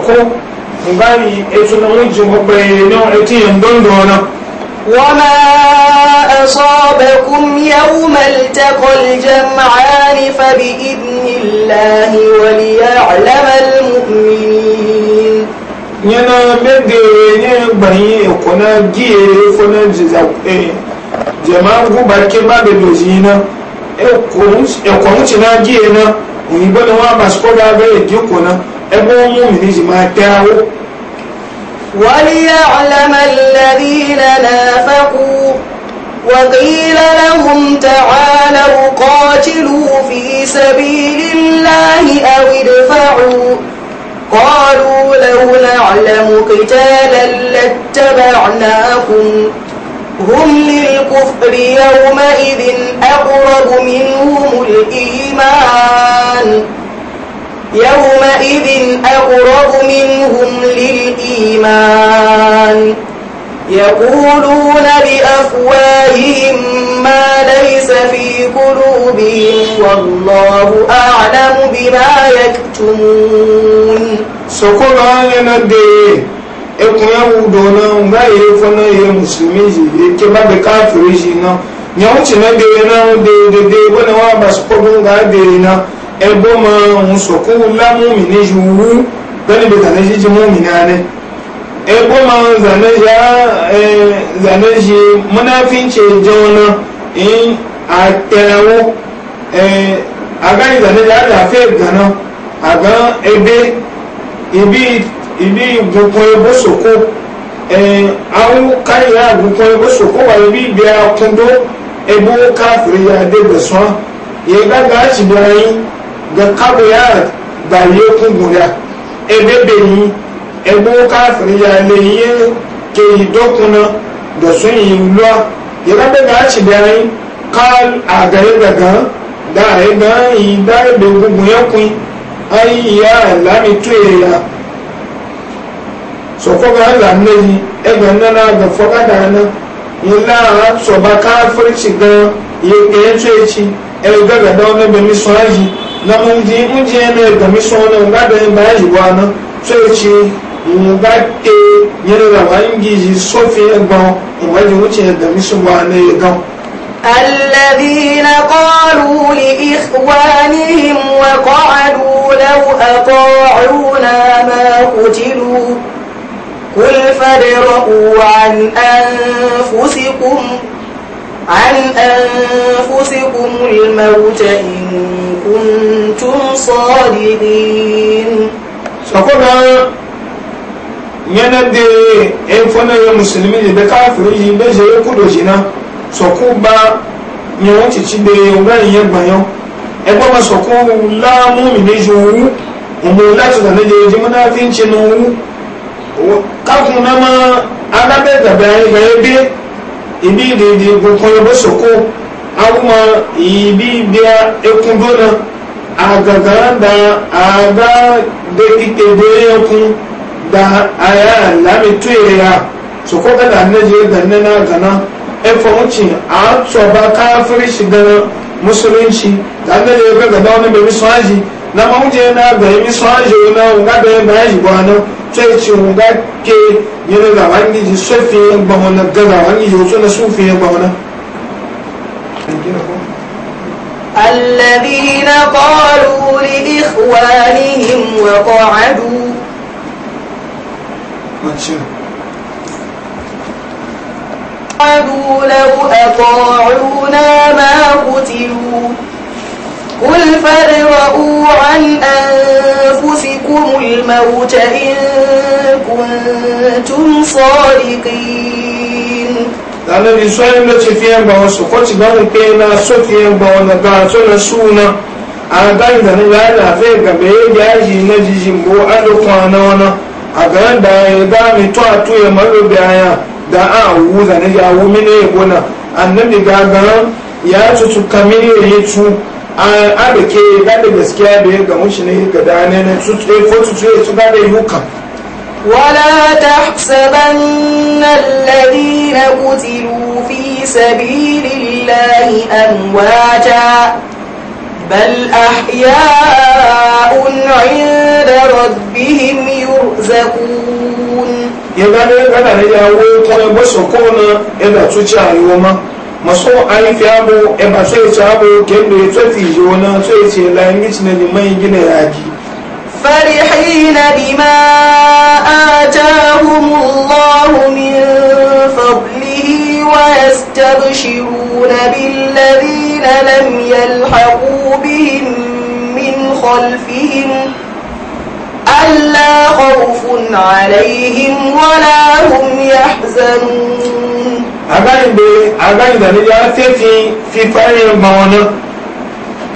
ko ngani etu e, e, e, na wunji mabbe no don do na wama asabakum yawma altaqa aljam'an fa bi idnillahi wa liya'lama almu'minin yana mede ne gbayin ekona giye ekona jiza eh jama'a gubake ba da dojina ekon ekon ci na giye na mun yi bana wa basko da ga yake kona وليعلم الذين نافقوا وقيل لهم تعالوا قاتلوا في سبيل الله أو ادفعوا قالوا لو نعلم قتالا لاتبعناكم هم للكفر يومئذ أقرب منهم الإيمان يومئذ أقرب منهم للإيمان يقولون بأفواههم ما ليس في قلوبهم والله أعلم بما يكتمون سكولا ينبي ekun ya wudo na nga ye fana ye musulmi ye ke ba be kafiri ji na nyawuci na de na wani ba su kogun ga de na ẹgbọ́ mọ ohun sọ̀kú lámúmi ní ṣùgbọ́n gbẹ́ni bẹ̀tà ní ṣíṣe múmi náà ní ẹgbọ́ mọ zànẹ́ṣe mọ́náfíńṣe jẹun náà ń àtẹ̀wọ́ agáyé zànẹ́ṣe àdàfẹ́ gànà àgán ẹgbẹ́ ibi ìgbùnkún ẹgbọ́ sọ̀kú àwọn káyọ̀ àgbùnkún ẹgbọ́ sọ̀kú wà ibi ìbí akúndó ẹgbọ́ káfìrí adébẹ̀sán yẹ gbàgbà àṣìbẹ̀rẹ̀ yìí. ga kabuya da yi kungun ya ebe benin ebe kafin ya yi ke yi dokuna da sun yi lọ yana da ga ci bayan kal a gare daga da a yi da yi da ebe ya kun ayi ya lami tuye ya so ko ga lamme yi ebe nana ga foga da na yi la so ba kafirci gan yi ga ya tuye ci ebe ga ga da wani benin sun yi. na unji unji ne ga mi so na ga da ba ji wa na so ci ga te da wa ji so fi mu ga ji wuce mi so ne ga الذين قالوا لإخوانهم وقعدوا لو أطاعونا ما قتلوا قل فادرؤوا عن أنفسكم عن أنفسكم الموت إن كنتم الصالحين شكرا yana da yan fanarar musulmi da kafiri yi bai zai ya kudo shi na sọkú ba yẹn ti ti de ọgbẹ́rin yẹn gbọ̀nyán ẹgbọ́n ma sọkú láàmú mi ní ju owó òmò láti tàn léde ojúmọ́ ibi de de ṣe na owó kákun náà mọ́ alábẹ́gbẹ̀gbẹ̀ agagara da aga da ikebe yankun da aya lami tuye ya so da kada na je da ne na gana efa wuce a tsoba kafir shi da musulunci da na je ka gaba wani bai misuwaji na mauje na ga yi misuwaji wani nga da ya bayan shi gwana tsoye ce nga ke yi ne da wani ji sofi e yan e ba wani gaza wani yi hoto na sufi yan e ba wani. الذين قالوا لإخوانهم وقعدوا قعدوا لو أطاعونا ما قتلوا قل فادرؤوا عن أنفسكم الموت إن كنتم صادقين dana bi so ayi lɔtsi fiɛ ba wasu kwaci ba mu ke na so fiɛ ba wani na so na suna a gani yi nuna ya na afe gabe ye bi ayi na didi mbo alo kɔn na wɔn a aga e da yi ga mai to a yɛ e ma lo bi aya da a wu da na wu mini ya yɛ bo na ga gan ya tutu kamiri ne yi su a da ke ga da gaskiya da ya ga shi ne ga da ne na tsaye ko e, tutu tsaye su ga da yi hu ولا تحسبن الذين قتلوا في سبيل الله أمواتا بل أحياء عند ربهم يرزقون يبقى أنا يا ويكون بسكونا إذا تجاهيوما maso alifi abu e ba so ya ci abu kendo ya tsofi yi wani so ya ce layin gicina ne mai gina yaki فرحين بما آتاهم الله من فضله ويستبشرون بالذين لم يلحقوا بهم من خلفهم ألا خوف عليهم ولا هم يحزنون أغاني أغاني في في فريق المعنى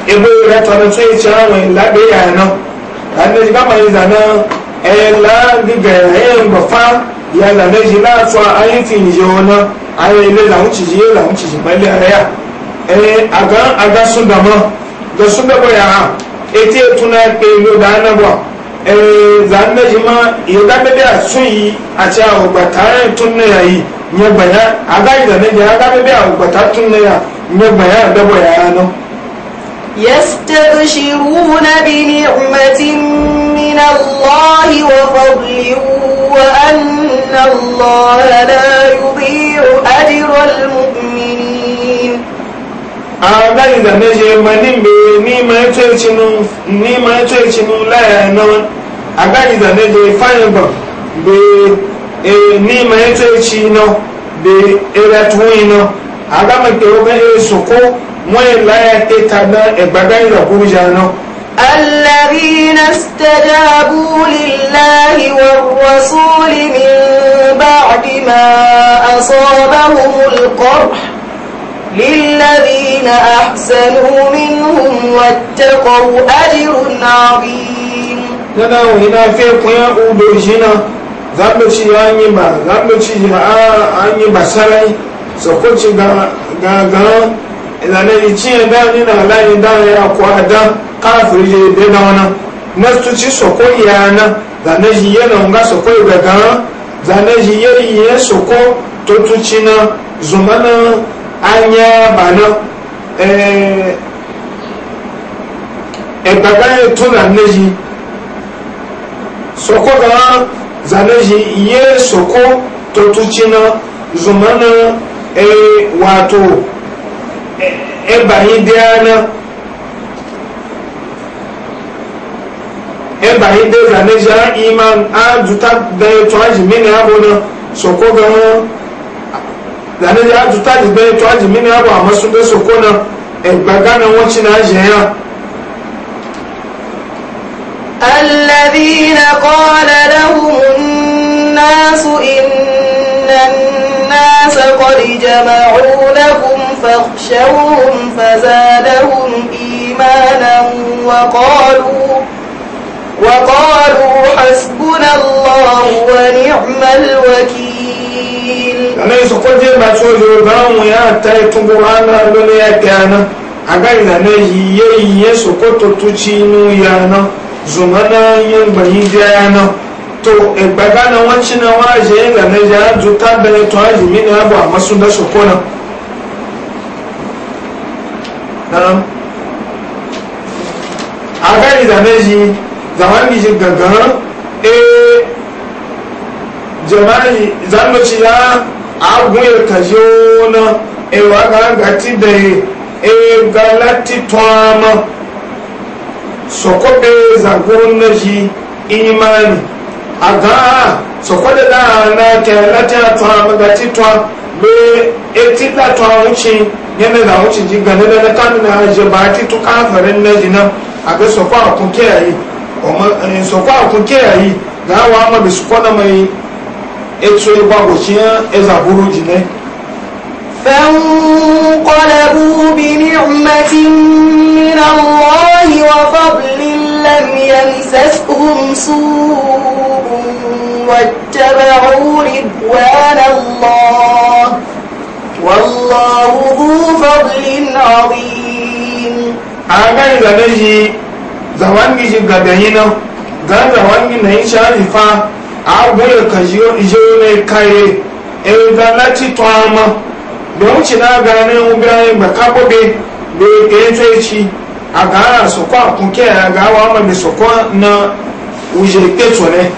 إبو رتنا تشيشان لا بيانا annaji gama yin zanen ayan la diga ayan bafa ya zane shi la tsuwa ayin fin je wani ayan ile lahun ciji ya lahun ciji bali a raya agan aga sun da ma ga sun da baya ha ete tuna pe lo da ana ba zanen shi ma ya dabe da sun yi a ce a gbataren tun na yayi ya bayan aga yi zane shi ya dabe da gbataren tun na ya bayan da baya ya nan يستبشرون بنعمة من الله وفضل وأن الله لا يضيع أجر المؤمنين أعمال إذا نجي من نيمة تلتنو نيمة تلتنو لا ينون أعمال إذا نجي فايبا بنيمة تلتنو بإلتوينو agamake oga e soko moye laya tetana egbagaira kurujano الذين استجابوا لله والرسول من بعد ما أصابهم القرح للذين أحسنوا منهم واتقوا أجر عظيم تنا هنا في قيام أوبرجينا زابلتي أني ما زابلتي أني بسرعي sokoci gangan ìlànà ìtìyẹn dáa nínú aláìní dáa ya kó àdá káàfìrí de ìdè dáa náà mẹ́tútù sọ̀kọ́ ìyá náà zànà yìí yẹ nga sọ̀kọ́ ìgbà gan zànà yìí yẹ yẹ sọ̀kọ́ tó tutù náà zùmọ́ náà ányá bà náà ẹgbàgbà yẹn tó zànà yìí sọ̀kọ́ gan zànà yìí yẹ sọ̀kọ́ eh wato e bayi dana e bayi de zane ja iman a juta da to aji mini abu na soko ga zane ja juta da to aji mini abu amma su soko na e gbagana wancin aji ya الذين قال لهم الناس إن الناس قد جمعوا لكم فاخشوهم فزادهم إيمانا وقالوا وقالوا حسبنا الله ونعم الوكيل أنا يسقط ما تقول بام يا تايتم قرآن لولا كان أجاينا نيجي يسقط تشينو يانا زمانا ينبغي جانا to gbaga na wanci na waje ga na ja juta da ne to aji min ne abu amma da su kona a da ji zaman ji e jama'i ya agun ya e kaje na e wa ga da e, e sokobe zagon na ji imani aga sokoda da na kela ta twa maga ti twa be eti ta twa uchi yeme da uchi ji gane da na kanu na je ba ti to ka farin na jina aga sokwa ku ke yi o ma sokwa ku ke yi ga wa ma bi sokoda mai etu e gbago chi eza buru jine فانقلبوا بنعمة من الله وفضل لم يمسسهم سوء واتبعوا رضوان الله والله ذو فضل عظيم أغاني غدجي زوانجي غدهينا غان زوانجي نهيشا رفا أغوية كجيو إجيو نكايري إذا لا تتوامه da wuce na gane ubiyayen ba kabobe da ya tsaye ci aga soko akunke aga wa ma mi soko na uje peto ne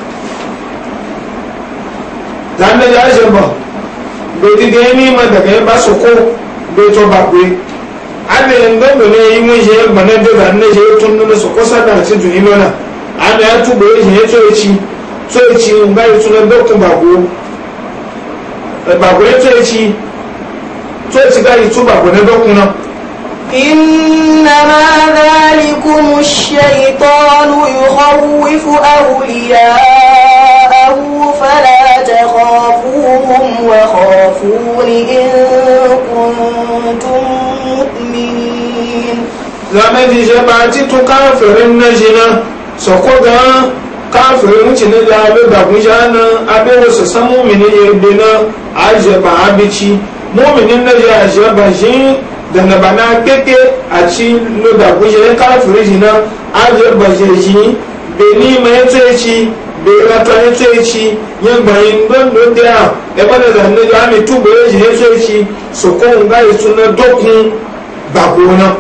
dan da jaje ba do de ni ma daga yɛ e ba sɔkɔ do ba pe abe do yi mu yɛ ba e na de ba e ne yɛ tun no sɔkɔ sa ti dun ilo na ada ya tu bo yɛ to echi to echi un ba yi tun do kun ba go ba go to echi to echi ga yi tu ba go ne kun na إنما ذلكم الشيطان يخوف أولياءه فلا تخافوهم وخافون إن كنتم مؤمنين زمن جبعتي كافر النجنة سقطها kafin mutane da abin da guja nan abin wasu san mumini irbi na ajiyar muminin na na bana keke aci loda kuje kafiri jina aje baje ji beni ma yato yaci be rata yato yaci yin bayin don don da ya bada zanne da ami tubo yaji yato yaci su ko nga yato na dokun bakona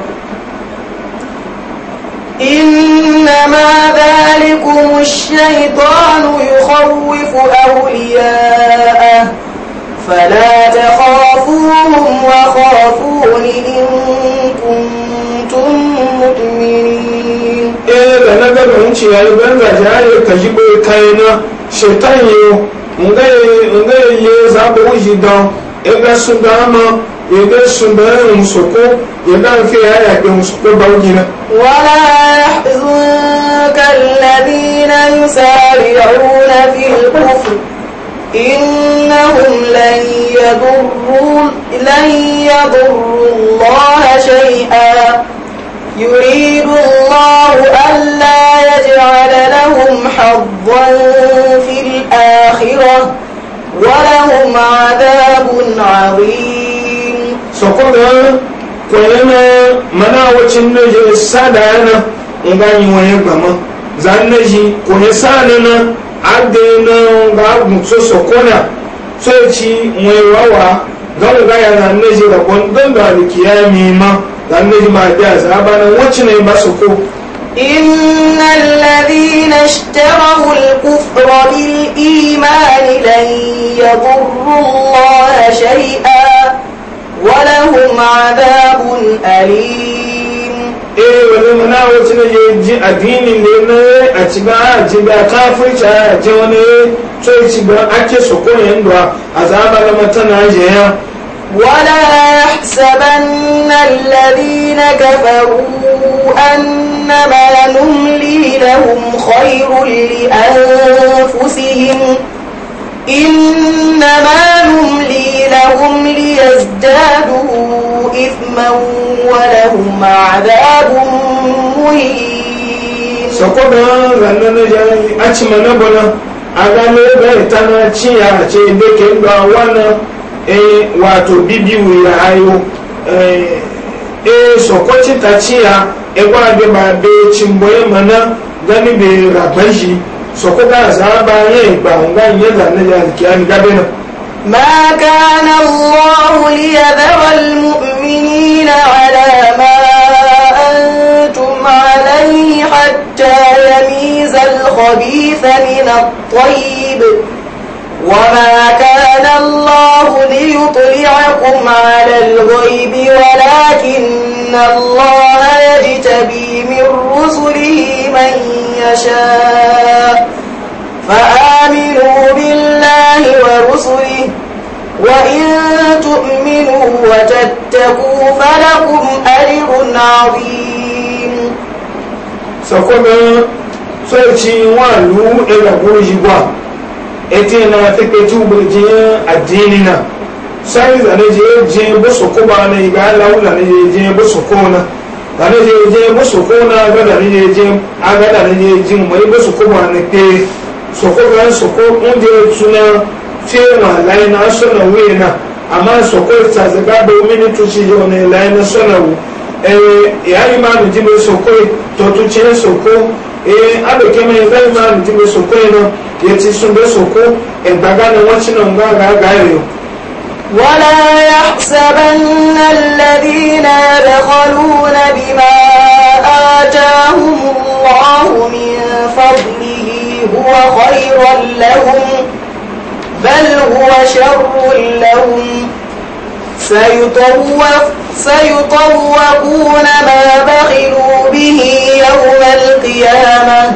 إنما ذلكم الشيطان يخوف أولياءه فلا تخافوهم وخافون إن كنتم مؤمنين إيه بنا قبل عنشي يا ربنا جاي تجيب الكائنة شيطان يو نغي نغي يزا بوجدا إيه سندامة إيه سندامة مسوكو إيه في آية مسوكو بوجينا ولا يحزنك الذين يسارعون في الكفر إنهم لن يضروا, لن يضروا الله شيئا يريد الله ألا يجعل لهم حظا في الآخرة ولهم عذاب عظيم سقطا كلنا منا وشنج السادة وچنجي سادانا إغاني ويبما زانجي كوني ساننا adena ga mutso sokona tsoci mai wawa zan ga ya zan ne ji da gondon da alkiyami ma zan ne ma da sabana wacce ne ba soko إن الذين اشتروا الكفر بالإيمان لن يضروا الله شيئا ولهم عذاب أليم eh wani muna wasu na yin ji addinin ne na a ci ba ji ba ta furci a ji wani to ci ba ake so ko yin duwa a zaba ga mata na je ya wala yahsaban alladhina kafaru annama numli lahum khayrul li anfusihim innama numli عذاب مهين سقطنا لأننا جاي أتمنى بنا agalo bai tana ciya ce doke ba wannan eh wato bibiwu ya ayo eh eh sokoci ta ciya e gwa be ba be cimboye mana gani be rabashi sokota ya kiyani gabe na ما كان الله ليذر المؤمنين على ما حتى يميز الخبيث من الطيب وما كان الله ليطلعكم على الغيب ولكن الله يجتبي من رسله من يشاء فآمنوا بالله ورسله وإن تؤمنوا وتتقوا فلكم أجر عظيم sọ̀kọ́gán sọ́ọ̀tì wọn lù ẹgbẹ̀kún yíwá ẹtí ẹ̀nà afẹ́kẹ́tì ògbèrè jẹ́ àdínì náà sáyẹn ìdánilẹ́jẹ́ jẹ́ bọ́sọ̀kọ́ bá ní ìgbà aláwọ̀ ìdánilẹ́jẹ́ jẹ́ bọ́sọ̀kọ́ náà ìdánilẹ́jẹ́ jẹ́ bọ́sọ̀kọ́ náà agbẹ́dàníjẹ́ jẹ́ agbẹ́dàníjẹ́ jẹ́ mọ̀ ẹ́ bọ́sọ̀kọ́ bá ní pé sọ̀kọ́gán sọ̀kọ́ oúnjẹ tún fíìmù àláyé náà sọ̀nà wíì náà àmọ́ sọ̀kọ́ ìtàzẹ́gbàgbọ́ mínítù sí yọ̀ ní ìláyé náà sọ̀nà wíì ìyáyí máa lù jíbe sòkó tọ́tún tí ń sòkó abèkémé ìyáyí máa lù jíbe sòkó iná yẹtí súnbẹ́ sòkó ẹ̀gbàgbá ni wọ́n tínà ń gbàgbà àgbà ẹ̀yọ. ولا يحسبن الذين يبخلون بما آتاهم الله من فضله هو خيرا لهم بل هو شر لهم سيطوق سيطوقون ما بخلوا به يوم القيامة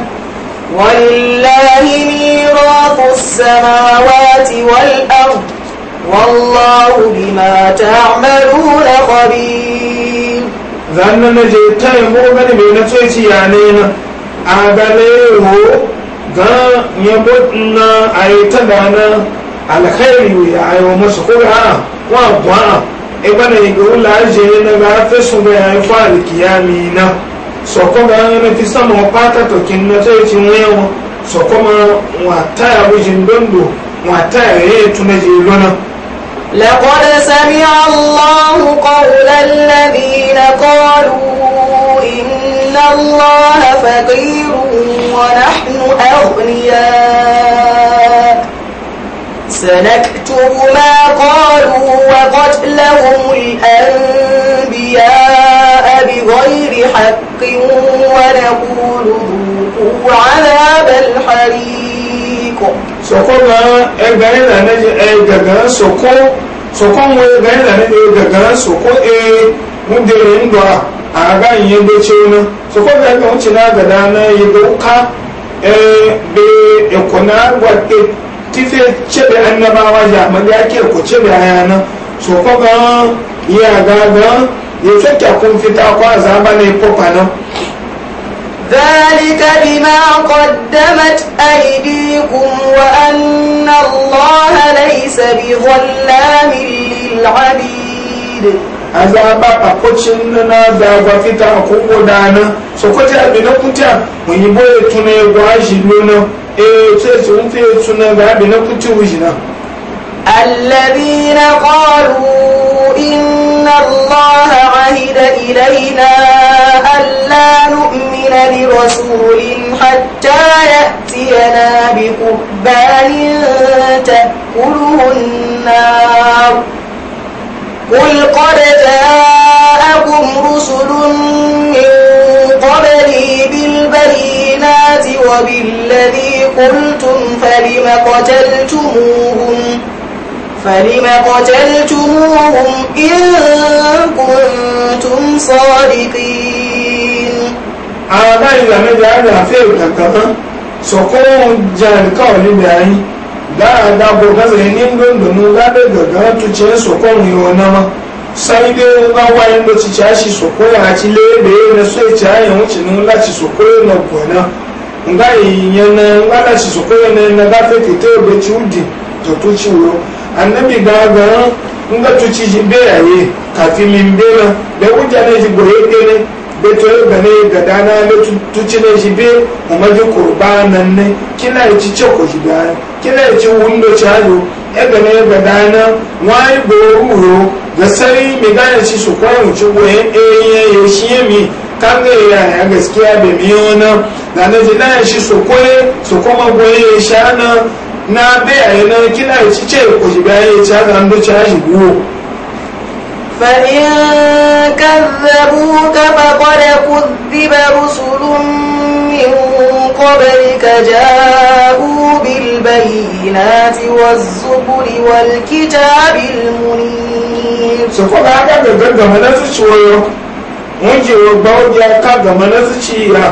ولله ميراث السماوات والأرض والله بما تعملون خبير ظن نجي تايم مؤمن بين تيتي يعنينا ظن ذا يبطنا أيتنا على خير أيوة مشكورها wa àbọ̀ e àrà e na yi ńlá ṣe é na bá fẹ́sùn bẹ́ẹ̀ ayé fún àlìkìyà mi iná sọ̀kọ́ bá ń fi sama ọ̀pá àtàtọ̀ kí n tó ti wọ́n yẹn wọn ma wọn àtàyà bó ṣe ń dóńdó wọn àtàyà yẹn ètò náà ṣe lọ́nà. لقد سمع الله قول الذين قالوا إن الله فقير واتبعتم ما قالوا وقتلهم الأنبياء بغير حق ونقول ذوقوا عذاب الحريق سوكونا إبعين أنجي إيجاقا سوكو sokon wai bayan da nade soko e mun da yin da a ga yin da ce ne sokon da ga wuce na ga na yi da uka be fi fiyewu cɛ da yan da ban waje a mɛ biyar k'in ko cɛ da yan yana. tsofaffa yi a ga fita ko a zan ba na kuma na. da likali ma ko wa anna allah halaye sabida wani lamili ladi de. a ko cin na na da awa fita ko ko da ana. sokoto ya mun yi bonya tunanin ga agi إيه، الذين قالوا إن الله عهد إلينا ألا نؤمن لرسول حتى يأتينا بقبال تأكله النار قل قد جاءكم رسل من قبلي بالبينات وبالذي قلتم فلم قتلتموهم فلم قتلتموهم إن كنتم صادقين àwọn táyì ìlànà ìjà àjà àfẹ́rù kankan sọ̀kọ́ jẹ́ǹkà nílẹ̀ ayé dáadáa bò kásẹ̀ ní gbẹ̀ngbẹ̀nú lábẹ́ gàgán tó ṣe ń sọ̀kọ́ sai dai ba wayan da ci ci shi so ko ya ci lebe na so ya ci ayin wuce nun lati so ko na gona nga yinyana nga da su sokoyo ne na da fe kito be chudi to to chiwo annabi da ga nga to chi be yaye kafi min be na be wuja ne ji goye ke ne be to be ne ga dana le to chi ne ji be o ma ji qurbanan ne kila ji che ko ji da yi ji wundo chayo e ga ne ga dana wai bo uro ga sari mi ga ya ci sokoyo chi goye e ye ye shi mi kan ga ya gaskiya be mi ona na ji na shi su koye su kuma goye sha na na bayaye na kina ci ce ku ji ya ci haka an duci haji biyu فإن قبلك جاءوا بالبينات والزبر والكتاب المنير سوف أعلم أن هذا هو الشيء wọ́n jẹ́ ọgbà ọjà kágàmọ́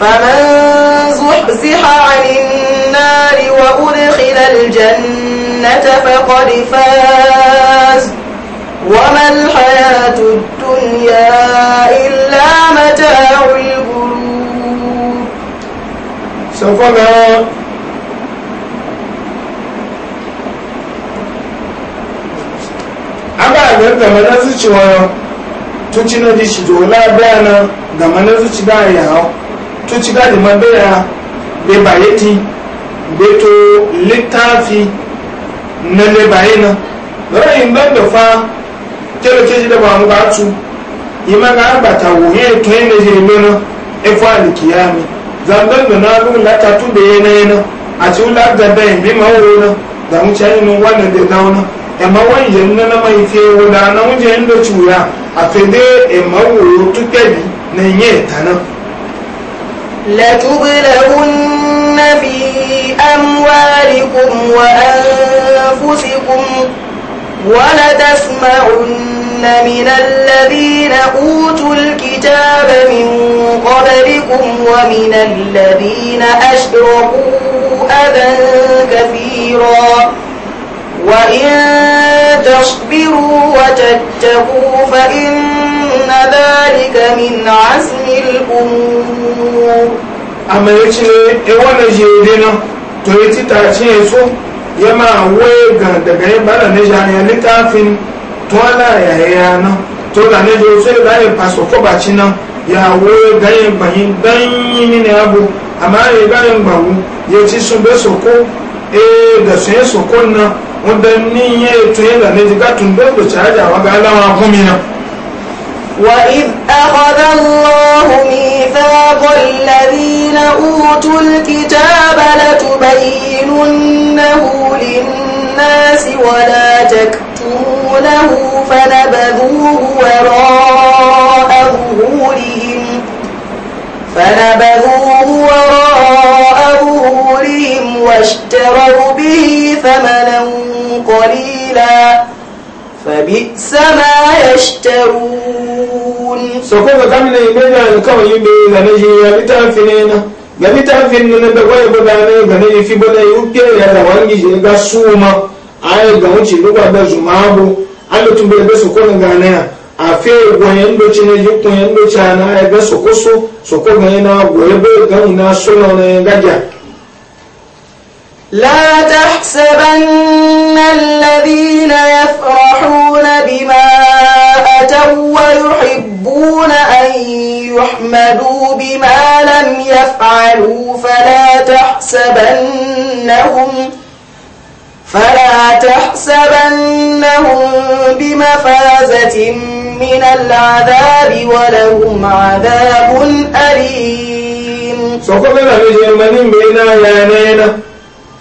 فمن زحزح عن النار وأدخل الجنة فقد فاز وما الحياة الدنيا إلا متاع الغرور da mana zuciwa tun cinar da shi bayanan da mana zuci da tó ti gáàdì ma bẹ́ẹ̀ ya bẹ́ẹ̀ bàyẹ́ ti bẹ́ẹ̀ tó létàfi nẹ́lẹ̀ bàyẹ́ na lọ́rọ̀ yìí bẹ́ẹ̀ bẹ̀ fa kẹ́lẹ́ kejì dẹ́gbà àwọn bá tu yìí má ká gbàtà wò yẹ́ ètò yẹn lè na ìgbẹ́ náà ẹ̀fọ́ àlìkìyà mi zambẹ́gbẹ̀ náà ló ń la tún bẹ̀ yẹn yẹn náà àti ó lágbà bẹ́ẹ̀ bí màá wò náà dàmú cẹ́ inú wà ní ẹ̀dẹ̀ náà na ẹ̀mọ́ wọ́n yẹn nínú máa fi ewu dáa náà wọ́n jẹ́ ń lọ́tù rà àfẹ́dẹ́ ẹ̀mọ́ wò ó tún kẹ́lì náà yẹn ìtàná لتبلغن في أموالكم وأنفسكم ولتسمعن من الذين أوتوا الكتاب من قبلكم ومن الذين أشركوا أذى كثيراً وإن تصبروا وتتقوا فإن ذلك من عزم الأمور أما يتشي إيوانا جيدنا تويتي تاتشي يسو يما ويغا دقائي بلا نجاني لتافين تولا يا هيانا تولا نجو سيدا يباسو كوباتشينا يا ويغا يباني داني من أبو أما يغا يباني يتشي سنبسو كو إيه دسين سوكونا وإذ أخذ الله ميثاق الذين أوتوا الكتاب لتبيننه للناس ولا تكتمونه فنبذوه وراء ظهورهم فنبذوه واشتروا به ثمنا قليلا فبئس ما يشترون سوكوكا كامل يبدا الكون يبدا نجي يبدا فينا يبدا فينا نبغى يبدا نجي في بدا يوكي يا وانجي يبدا سوما ayi ga wuce lugwa da zumabu allah tun bai su kuna gane ya a fe gwayen doci ne yukun yan doci na ya ga su kusu su kuma yana goye bai gani na suna na ya gaja لا تحسبن الذين يفرحون بما أتوا ويحبون أن يحمدوا بما لم يفعلوا فلا تحسبنهم فلا تحسبنهم بمفازة من العذاب ولهم عذاب أليم سوف نحن بين يانينا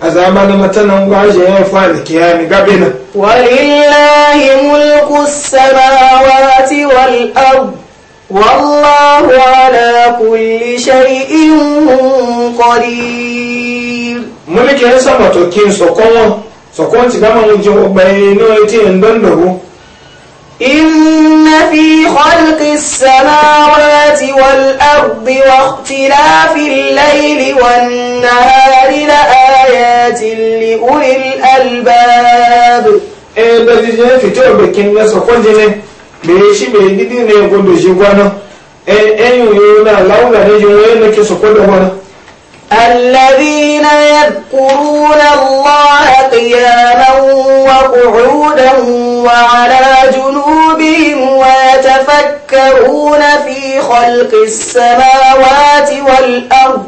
azaba na matanan gwaje ya fara kiyami gabe na walillahi mulku samawati wal ard wallahu ala kulli shay'in qadir mulki ya sama to kin sokon sokon ti gama mun je obaye no ite ndondo inna في خلق السماوات والأرض واختلاف الليل والنهار لآيات لأولي الألباب e da jijiyar fitar bakin nasa kwanji ne me shi bai gidi ne gudu shi gwanon e yi na launa ne yi nake su kwada gwana. الذين يذكرون الله قياما وقعودا وعلى جنوبهم ويتفكرون في خلق السماوات والأرض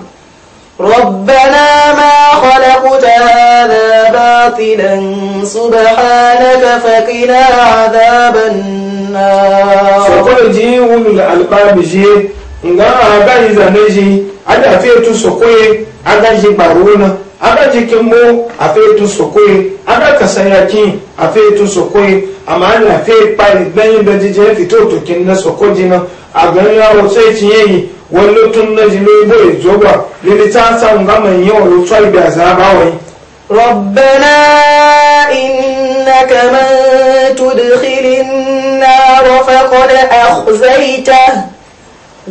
ربنا ما خلقت هذا باطلا سبحانك فقنا عذاب النار سقول جي الألقاب الألباب جي nga ga نجي ada fe tu sokoye ada je baruna ada ji kemo afe tu sokoye ada kasaya kin afe tu sokoye ama na fe pa igbeyin be jije fito to kin na sokoji na agan ya o se ti yi won lo tun na ji lo ibo ijoba lele ta sa nga ma yin o lo twa ibe azaba wo ربنا إنك من تدخل النار فقد أخزيته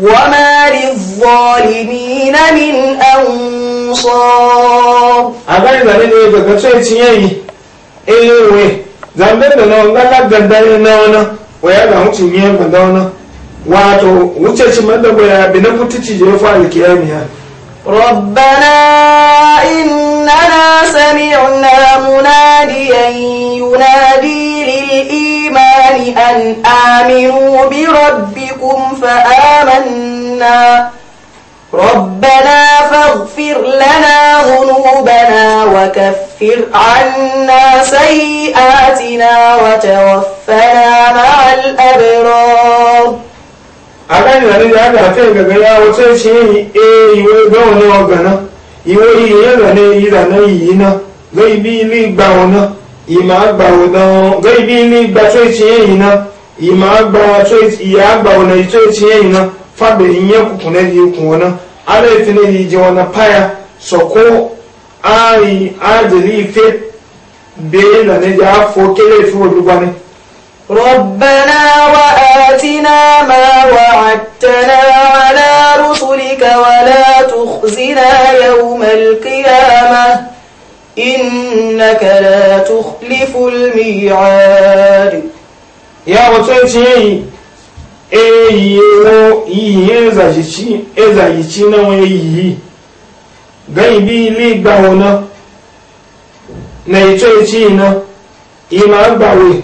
وما للظالمين من أنصار أغاني زمن إيه بكتشي تيني إيه وي زمن دنا نغا غدان نونا ويا غا مutun yin gandana wato wuce ci manda boya bi na mutuci je fa alkiyamiya ربنا إن إننا سمعنا مناديا ينادي للإيمان أن آمنوا بربكم فآمنا ربنا فاغفر لنا ذنوبنا وكفر عنا سيئاتنا وتوفنا مع الأبرار أنا أنا أنا أنا أنا أنا أنا أنا أنا أنا iwe iye yẹ̀rọ ní ìlànà yìí ná gẹ́gẹ́ bí ilé ìgbà wọn ná ìmọ̀ àgbà wọn ná gẹ́gẹ́ bí ilé ìgbà tó ti yẹn yìí ná ìmọ̀ àgbà ìyá àgbà wọn ná tó ti yẹn yìí ná fábẹ̀ ìyẹn kùkùn náà ná ara náà páyà bẹ́ẹ̀ ìfowópamọ́ ربنا وآتنا ما وعدتنا على رسلك ولا تخزنا يوم القيامة إنك لا تخلف الميعاد يا وتنتي eyiwo ihe ezayici na wọn eyiyi gan ibi ilé ìgbàwọ̀ náà na ètò ìtì iná ìmọ̀ àgbàwẹ̀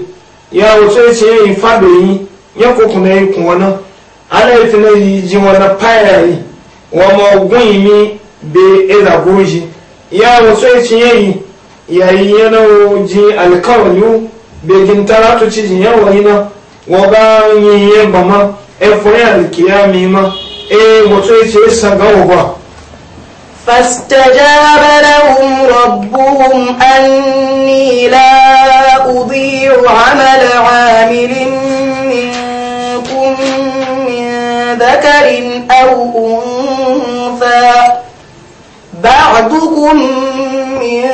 ya wuce ce yi fado yi ya koko na yi kun wani ana yi tunan yi ji wani paya yi wa ma yi mi be eza goji ya wuce ce yi ya yi yana ji alkawali be gintara to ci ji yawa yi na wa ba yi yi ba ma e alkiya mi ma e wuce ce sagawa ba فاستجاب لهم ربهم أني لا أضيع عمل عامل منكم من ذكر أو أنثى بعضكم من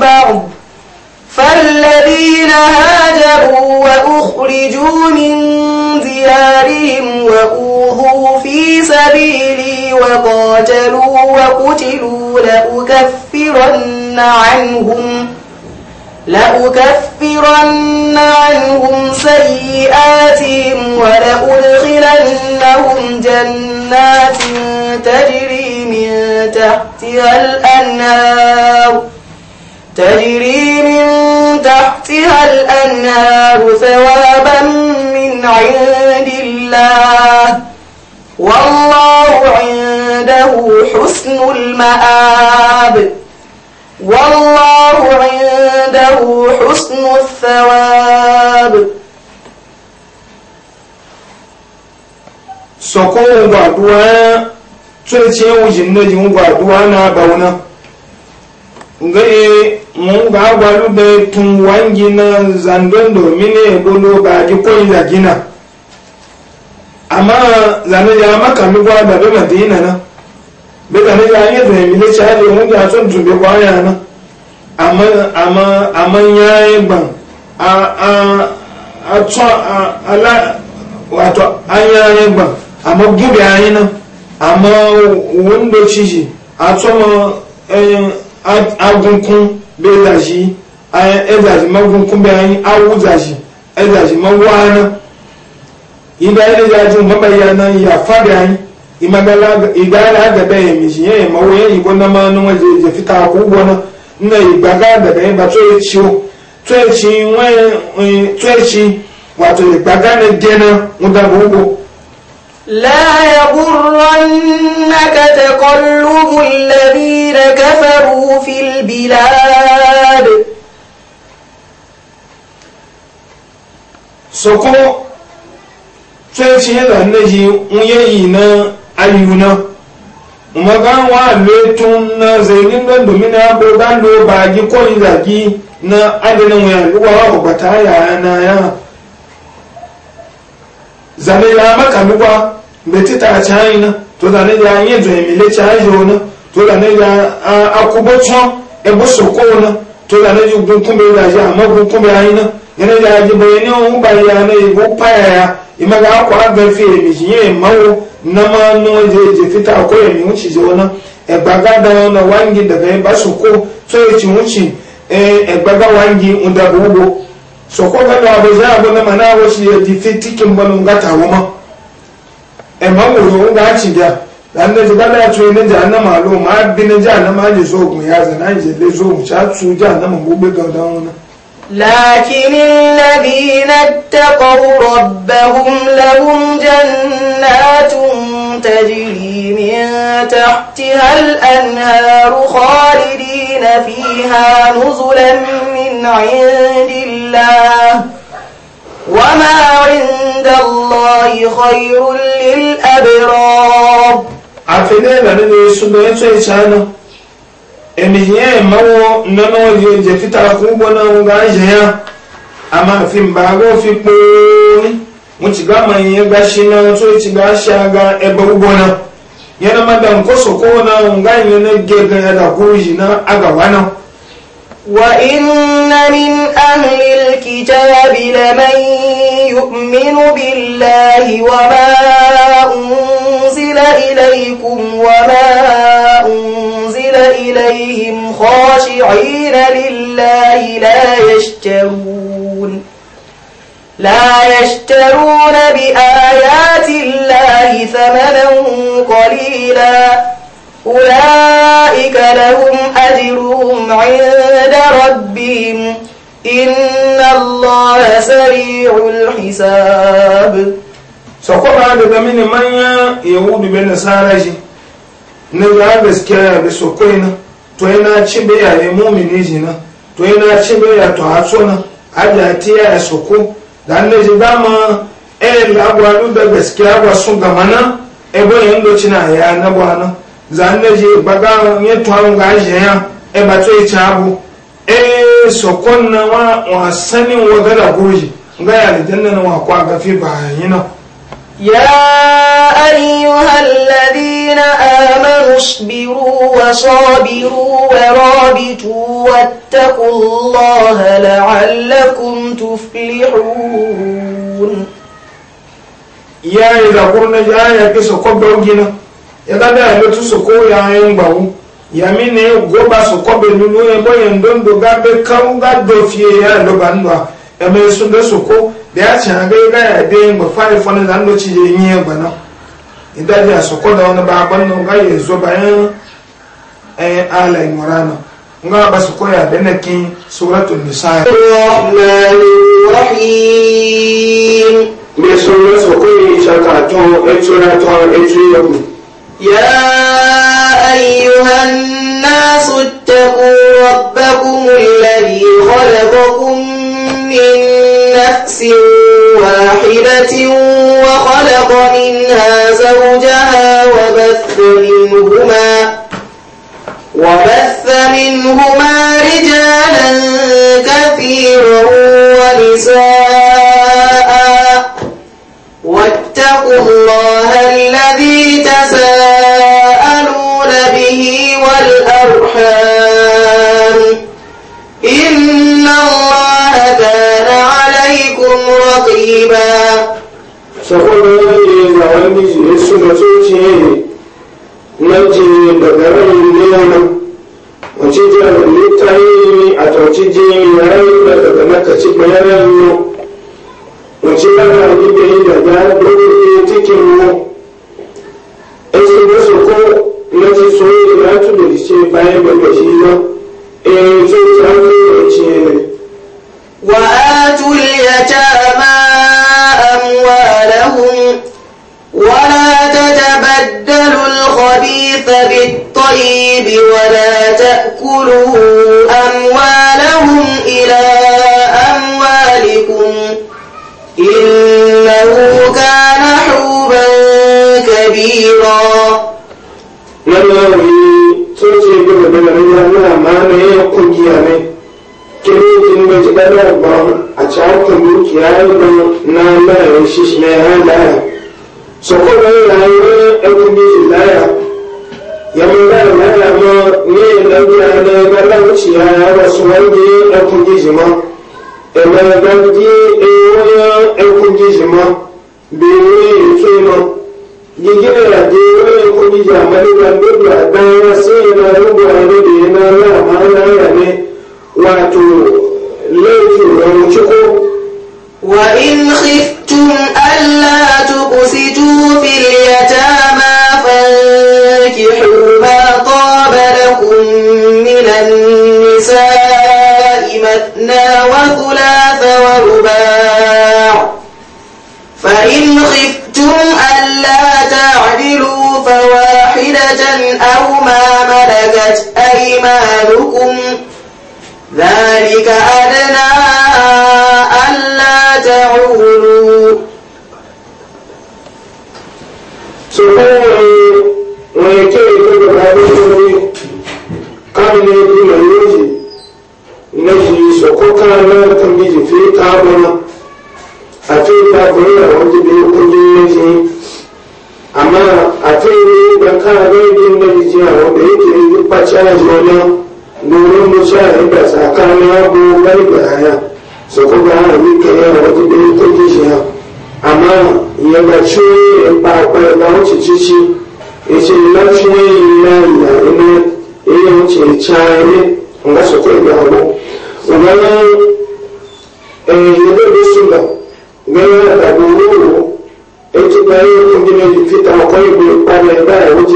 بعض فالذين هاجروا وأخرجوا من ديارهم وأوتوا قتلوه في سبيلي وقاتلوا وقتلوا لأكفرن عنهم لأكفرن عنهم سيئاتهم ولأدخلنهم جنات تجري من تحتها الأنهار تجري من تحتها الأنهار ثوابا من عند الله والله عنده حسن المآب والله عنده حسن الثواب sokon gwaduwa wujin na jin gwaduwa na abawana ga e mun ga gwalu da tun wangi na zandon domin ne bolo ba ji gina. amma zane ya maka mi gwa da be madina na be zane ya yi da mi le chali mun ya tun tun be gwa ya na amma amma amma yayi ban a a a to ala wato an ya yi ban amma gube yayi na amma wanda ciji a to ma agunkun be da shi a e da shi magunkun be yayi a wuza shi e da shi mawwana ibayar ya jin mabayanan ya fada igara da yi mishi yayin mawuyan igbo na manu waje ya fita ku gona na igbaga da bayan ba tsoyaci tsoyaci wato igbaga na dena muda gugu لا يغرنك تقلب الذين كفروا في البلاد سكو sai ya da hannun shi unye yi na ayuna umaga wa letun na zainin don domin ya bo dan do ba gi ko yi zagi na adinin ya ruwa wa ko bata ya na ya zane ya maka nuwa beti ta chai na to da ne ya yi zai mi le chai jo na to da ne ya akubo chon e bo soko na to da ne ju gun kun be da ya ma gun kun be ayi na yana ya ji bayani on ba ya na e pa ya ima ga akwa gafe mi shi ye mawo na ma no je je fita ko ye mi wuci je wona da wona wangi daga ba su ko so ci wuci e e wangi unda bugo so ko ga da ba za na mana wo shi woma e ma wo ga ci da dan da ba da to ne ja na ma bi ne ja na ma je so ya za na je le so mu cha su ja na mu ga da لكن الذين اتقوا ربهم لهم جنات تجري من تحتها الأنهار خالدين فيها نزلا من عند الله وما عند الله خير للأبرار emihiɛ mawo nɔnɔ ye jɛfita kun bɔna wo ga zɛya ama fi mbaago fi kpooni mo ti gba mayi ye si na so ti gba si aga ɛbɛ wo bɔna yɛna ma da nkoso ko na wo ga yɛ ne ge gɛya da ko yi na aga wa na. وإن من أهل الكتاب لمن يؤمن بالله وما أنزل إليكم وما إليهم خاشعين لله لا يشترون لا يشترون بآيات الله ثمنا قليلا أولئك لهم أجرهم عند ربهم إن الله سريع الحساب سوف أقول لك من يهود بن سارجي na ya gaskiya ya bi sokoi na to yana cin bai ya yi mumini ji na to yana cin bai ya to hatso na aja ti ya ya soko da an leji dama el agwalu da gaskiya ba sun gama na ebo yin doci na ya na ba na za an leji nye e e ya to ga gaji ya e ba to ya ci abu e sokon na wa sani nwa gada buruji ga ya da danna na nwa kwa gafi ba yi na. يا أيها الذين آمنوا اصبروا وصابروا ورابطوا واتقوا الله لعلكم تفلحون يا إذا قلنا يا يكسو قبل ya kada ya lutu su ko ya yin gbawu ya mi ne goba su kobe nunu ya boye ndondo gabe kawu ga dofiye ya eme sun da soko da ya ci hanga ga ya da yin bafa ya fana da hannu ci yin yin bana idan a soko da wani a nan ga ya zo bayan ayin ala imorana nga ba soko ya da e na kin suratul nisa rahmanir rahim me sun da soko ne shaka to etura to etura yabu ya ayyuhan nas اتقوا ربكم الذي خلقكم بأس واحدة وخلق منها زوجها وبث منهما وبث منهما رجالا كثيرا ونساء واتقوا الله الذي تساءلون به والأرحام رقيبا سخلوني وعندي اسم سوتي نجي بقرين اليوم وتجعل للتعيين أتوتجي يرين فتمت تبيرين وتجعل لبه دجال بقريتكم اسم سكو نجي سوي لا تدرسي باين بقشينا إن سوتي أمي وتجعل وأنا اليتامى أموالهم ولا تتبدلوا الخبيث بالطيب ولا تأكلوا أموالهم إلى أموالكم إنه كان حوبا كبيرا tó ti gbogbo ìgbàlódé náà a cakka dukiya da na mara shi na ya laya so ko ba ya laya ɗan bi laya ya mun da laya ma ne da biya da ga lauci ya ya ba su wanda eh, ya ɗan bi jima e ma ga ji yi wani ɗan bi jima bi ne so ma gigina da ji wani bi jama da bi da da sai da rubuwa ne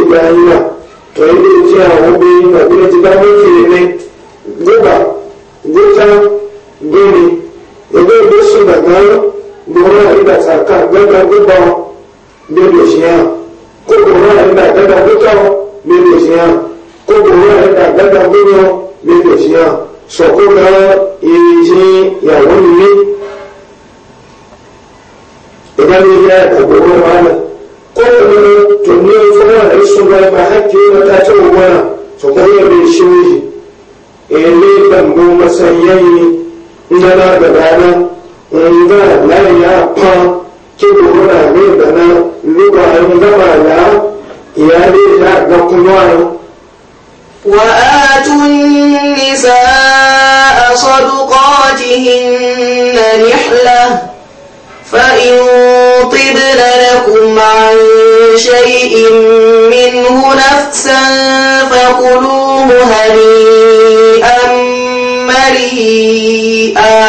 ti gba yín wà tó yín lè jẹ́ àwọn obìnrin àbí lè ti bá méjìlél ní gbọ́gbà gbọ́tà gbẹ́ni ẹgbẹ́ ìgbé sùn gbàgbọ́ gbọ́rọ̀ àrígbà tàkà gbọ́gbà gbọ́gbà gbẹ́ni òṣìyà kó gbọ́rọ̀ àrígbà gbọ́gbà gbọ́tà gbẹ́ni òṣìyà kó gbọ́rọ̀ àrígbà gbọ́gbà gbọ́gbà gbẹ́ni òṣìyà sọ̀kó gbà ìrìnjì ìyàwó nílé ìdánilẹ́ yi wọn wà lọ kó gbọ́rọ̀ tó ní yi soba ba hakki na ta ce wana su koya bai shi ne ele dambo masayayi na na da dana nga na ya pa ki buru na ne da na luba yin gaba na iyali na ga kuma وآتوا النساء صدقاتهن نحلة فإن طبن لكم عن شيء منه نفسا فكلوه هنيئا مريئا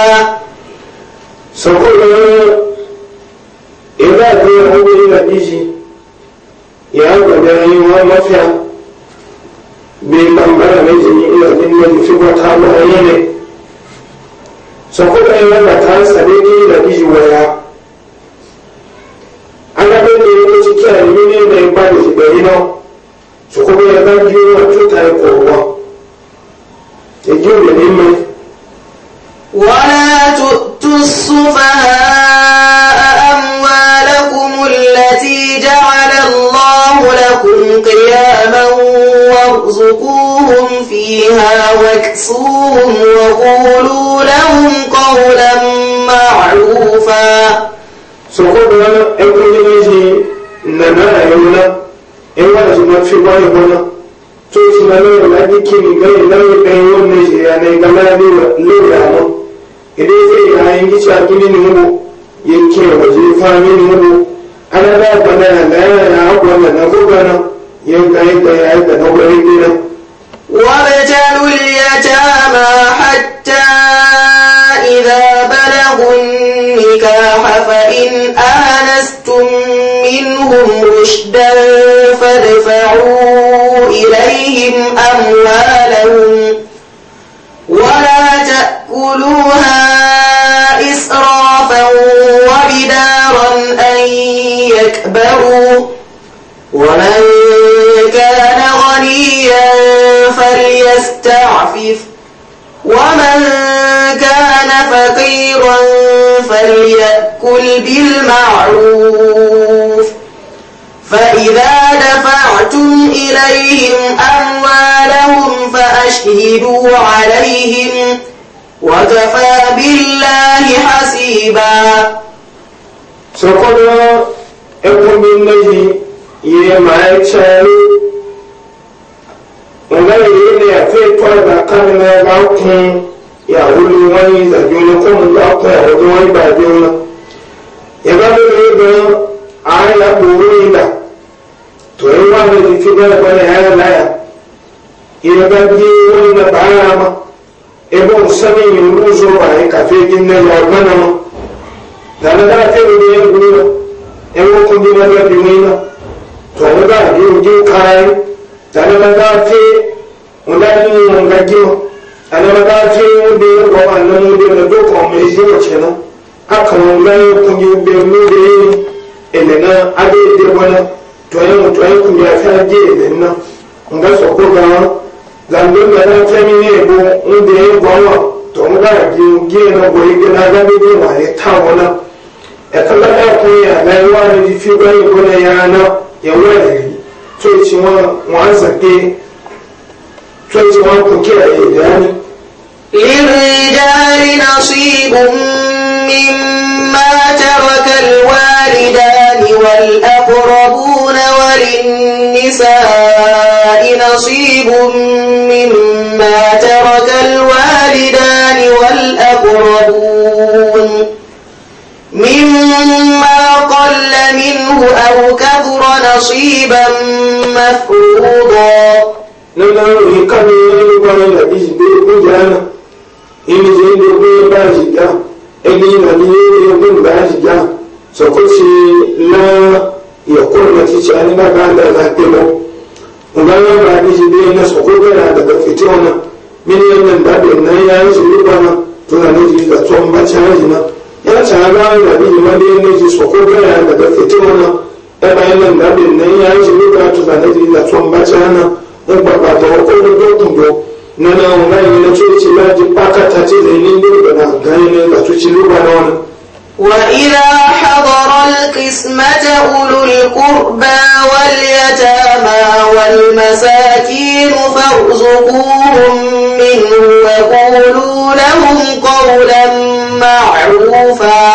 سقولوا إذا كنت أقول لك ya gwada rayuwa mafiya bai bambara mai jini ina jini da fi wata mawani ne so kuka yi wanda ta waya tí a ní ní ilẹ̀ ipa ìṣẹ̀lẹ̀ yìí náà ṣùkọ́ bí ẹgbẹ́ bí ó tó ta ikọ̀ wọ èyí ò lè ní mẹ́. ولا تؤتوا السفهاء أموالكم التي جعل الله لكم قياما وارزقوهم فيها واكسوهم وقولوا لهم قولا معروفا. سقوط أمر ìgbàna àyẹ̀wò náà ẹ̀wọ́ àtúmọ̀ fi wáyé wọn náà tó ti máa lọ́yọ̀ láti kí ni gbẹ́ shi ya wọn nàìjíríà ní ìgbàna lóòrè nan èdè ìfẹ́ yi ẹ̀yìn tí a kí nínú wọn yẹ kí ya sí fún ayé nínú na alága àgbàna àgbàna àgbàna àgbàna yẹn da yẹn gbẹ̀yà àgbàna wọlé gbé náà. وابتلوا اليتامى حتى إذا بلغوا النكاح فإن آمنوا منهم رشدا فادفعوا إليهم أموالهم ولا تأكلوها إسرافا وبدارا أن يكبروا ومن كان غنيا فليستعفف ومن كان فقيرا فليأكل بالمعروف فإذا دفعتم إليهم أموالهم فأشهدوا عليهم وكفى بالله حسيبا سقنا أكون بالله يما يتشاري وغير إلا يفيتوا بقرنا بعضهم يقول لي يزعجونكم الله يقول لي بعدين يقول لي أنا أقول لك to wanda ji ci gwada gwada ya yi laya ina ji ma ebe usani yi ruzo ba yi kafe gin na yawar mana ma da na da fe ne ya guri na ebe kun ji na gabi mai na to wani ba yi yi kayan da na da wani da yi yi ga gima da na da fe wani ya gwa wannan wani na dokon mai ji wace na aka wani kun yi bai mu ya yi e ilina abin da wani tɔye mu tɔye kun bi afɛn adi eden na nga sɔkò gan wa zandu mɛra fɛmi ne bo n de ye gbɔn wa tɔn ka di die na bɔ yi gana ga bi di wa ye ta wɔ na ɛtala ya kun ye ala ye wa ne fi ba na ya na ya wa ye li so ti wa wa zake kun kira ye ya ni. ونصيبا مفروضا نلو يكمل يقول لا بيجي بيجانا إني جيني بيجي باجي إني نبي يقول باجي sokoci na yakon na cici an na ba da zaɓe ba kuma ya ba ni shi na soko gara daga fito na mini da bai ya yi shi ruba na tunani ji da tsohon bacci haji na ya ci ha ba da bi ma bai ne ji soko daga fito na e ba yin da bin ne ya ji ne ka tuba ne da tun ba ta na e ba ba da ko da do kun do na na na yi na ce ci la ji pa ka ta ce ne ni ne da na ga ne da tu ci ru ba na wannan وإذا حضر القسمة أولو القربى واليتامى والمساكين فارزقوهم منه وقولوا لهم قولا معروفا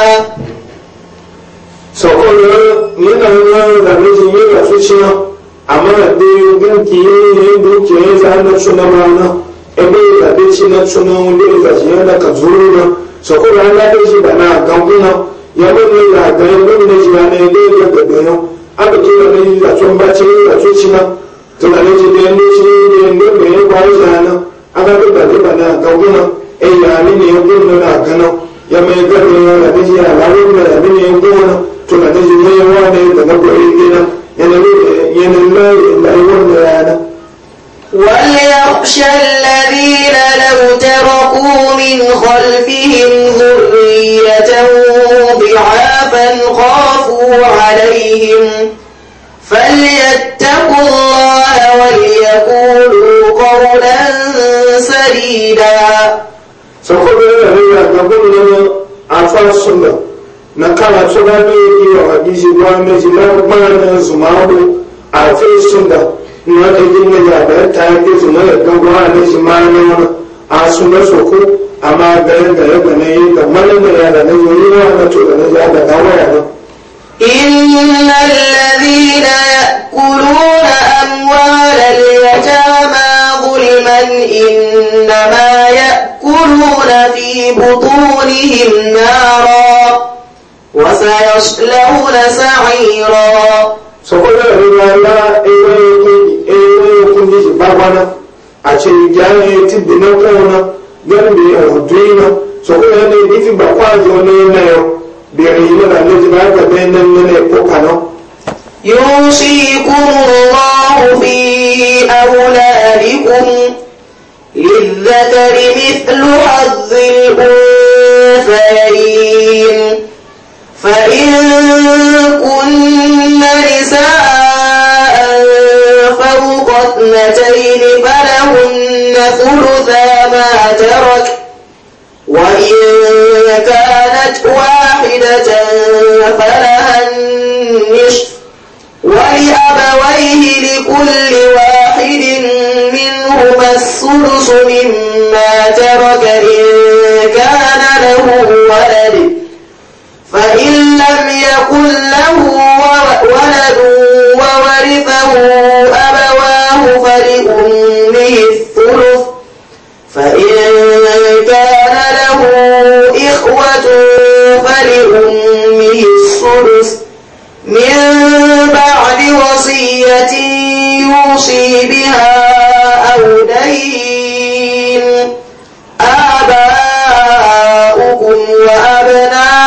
sọ̀kọ́nà nígbà náà zàmì ti yé ìyàtú ṣe àmọ́ àti dúkì ní dúkì ní sáńdà túnà máa ná ẹgbẹ́ ìgbàdé ṣe ná túnà ń lé ìfàṣìyàn náà kà zúrú ná sọ̀kọ́nà aládé ṣe bàná àgàngú ná yàgbé ní ṣe bàná ilé ìlú ẹgbẹ̀gbẹ̀ ná àbẹ̀kí ìlànà ìyàtú ń bá ṣe ní ṣe ná tòlàlẹ́ ti dé ẹni ṣe ní ní kwari ṣàánà agbẹ́ ìgbàdé ní ẹgbẹ́ mi náà àgàn ná yàmẹ̀ ẹgbẹ́ ní ṣe àlàyé tuna na jini wane da na goyi gina yanayin layuwar da yana وليخشى الذين لو تركوا من خلفهم ذرية ضعافا خافوا عليهم فليتقوا الله وليقولوا قولا سديدا سقول الله يا قبول لنا عفا السنه na kala so ba be yi wa ji ji wa me ji la ba na zuma bu a fe sun da na da ji ne ya da ta ke zuma ya da wa ne ji ma ne wa a su na so ko amma ga da ya ga ne da malan da ya da ne yi wa na to da ne ya da dawo ya da إن الذين يأكلون أموال اليتامى ظلما إنما يأكلون في بطونهم نارا وسيصلون سعيرا sọkọlẹ ìrora ńlá ewé okun jíjì bábáná àti ìjà etí bìnná kọ́ọ̀nà gẹ́gbì ọ̀dún iná sọkọlẹ ẹni ìdíjì gbàkọ́ àjọ ní ilẹ̀ ọ bẹ̀rẹ̀ yìí lọ́la lójú bá gbẹ̀bẹ̀ ẹni nílẹ̀ ẹ̀kọ́ kaná. yóò ṣí ikú rọrùn fi awúlẹ̀ rí kún للذكر مثل حظ فإن كن نساء فوق اثنتين فلهن ثلثا ما ترك وإن كانت واحدة فلها النصف ولأبويه لكل واحد منهما الثلث مما ترك إن كان له ولد فإن لم يكن له ولد وورثه أبواه فلأمه الثلث فإن كان له إخوة فلأمه الثلث من بعد وصية يوصي بها أو دين آباؤكم وأبناؤكم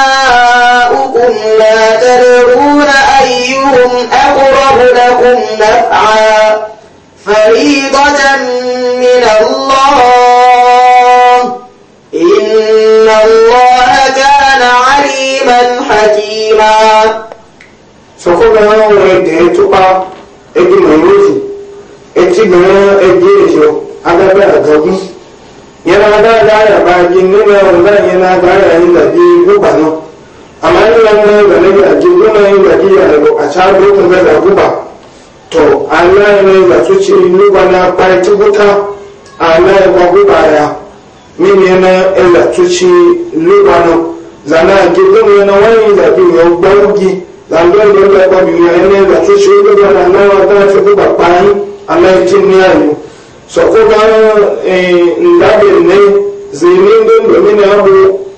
لا تدرون أيهم أقرب لكم نفعا فريضة من الله إن الله كان عليما حكيما sọkọ́gbà wọn ẹ̀dẹ̀ tó pa ẹbí mẹ́rẹ́jì ẹtí mẹ́rẹ́ ẹgbẹ́ èjò agbábẹ́ àgbọ̀gún yẹn náà dáadáa yàgbá yìí nínú ẹ̀rọ náà náà dáadáa yìí tàbí gbogbo náà amma ni nan nan da nake a jin gona yin da iya da a caro ta da da guba to Allah ne da su ce ni bana bai ta guta Allah ya ba guba ya min ne na illa su ce lubano zana ke gona na wani da bi ya gaugi zan don da ya ba bi ya ne da su ce guba na na da ta guba bai Allah ya tin ne ayu so ko ga eh ndabe ne zinin don domin abu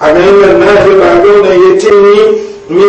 a ganin nan na fi ya ce ni